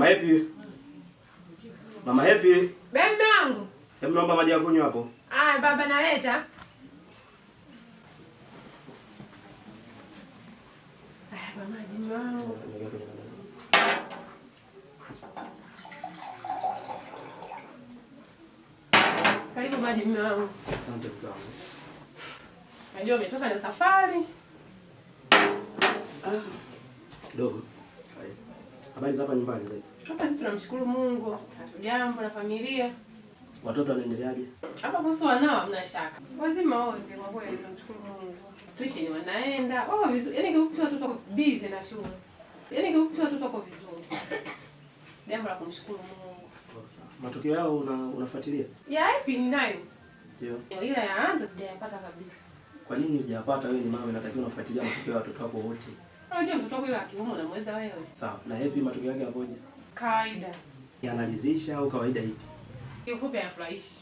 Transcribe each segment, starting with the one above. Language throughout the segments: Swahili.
Mama Happy. Mama Happy. Bembe wangu. Hebu naomba maji ya kunywa hapo. Ah, baba naleta. Karibu maji mume wangu. Asante Najua umetoka na safari. Ah, kidogo. Habari za hapa nyumbani zaidi? Hapa sisi tunamshukuru Mungu, Jambo na familia. Watoto wanaendeleaje? Hapa kuhusu wanao hamna shaka. Wazima wote kwa kweli tunamshukuru Mungu. Tuishi ni wanaenda. Oh, vizuri. Yaani kwa kutoa watoto busy na shule. Yaani kwa kutoa watoto kwa vizuri. Jambo la kumshukuru Mungu. Sawa. Matokeo yao una, unafuatilia? Ya ipi ninayo? Ndio. Ila ya anza sijayapata kabisa. Kwa nini hujapata wewe ni mama inatakiwa unafuatilia matokeo ya watoto wako wote? Unajua mtoto wako yule akiuma unamweza wewe. Sawa. Na yapi matokeo yake yakoje? Kawaida. Yanalizisha au kawaida ipi? Kifupi anafurahishi.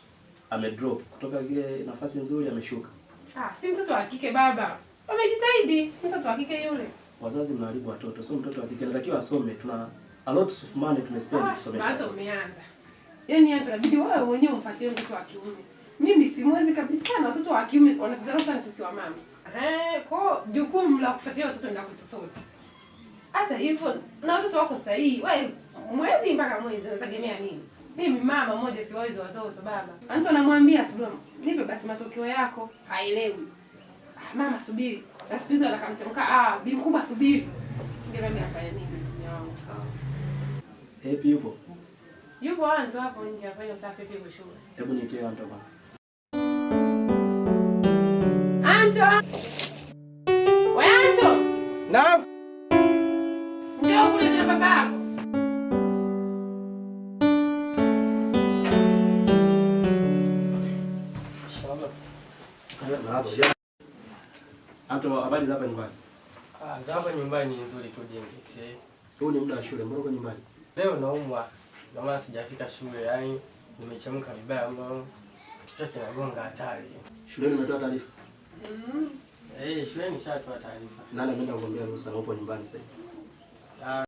Amedrop kutoka ile nafasi nzuri ameshuka. Ah, si mtoto wa kike baba. Wamejitahidi, si mtoto wa kike yule. Wazazi mnaharibu watoto, sio mtoto wa kike anatakiwa asome. Tuna a lot of money tumespend ah, kusomesha. Hata umeanza. Yaani hata inabidi wewe mwenyewe umfuatilie mtoto wa kiume. Mimi simwezi kabisa na watoto wa kiume wanatuzalisha sisi wa mama. Eh, kwa jukumu la kufuatia watoto na kutusoma. Hata hivyo na watoto wako sahihi. Wewe mwezi mpaka mwezi unategemea nini? Mimi mama mmoja siwawezi watoto baba. Yaani mtu anamwambia subiri, nipe basi matokeo yako. Haelewi. Ah, mama subiri. Na siku hizo anakamsemka, ah, bi mkubwa subiri. Ndio mimi afanye nini? Hepi yupo? Yupo anto ah, hapo nje afanye usafi pia shule. Hebu nitie anto basi. Na njoo kuletea babako. Hata habari za hapa nyumbani? Ah, za hapa nyumbani ni nzuri tu jenge. Sio ni muda wa shule, mbona uko nyumbani? Leo naumwa. Ndio maana sijafika shule, yaani nimechemka vibaya mno. Kichwa kinagonga hatari. Shuleni umetoa taarifa? Mhm shuleni, nishatoa taarifa. Nani ameenda kugombea ruhusa na upo nyumbani sasa? Ah.